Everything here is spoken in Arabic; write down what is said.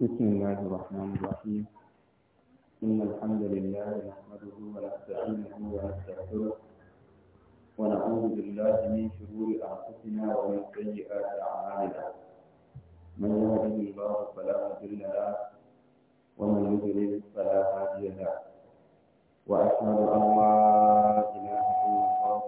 بسم الله الرحمن الرحيم إن الحمد لله نحمده ونستعينه ونستغفره ونعوذ بالله من شرور أنفسنا ومن سيئات أعمالنا من يهده الله فلا مضل له ومن يضلل فلا هادي له وأشهد أن لا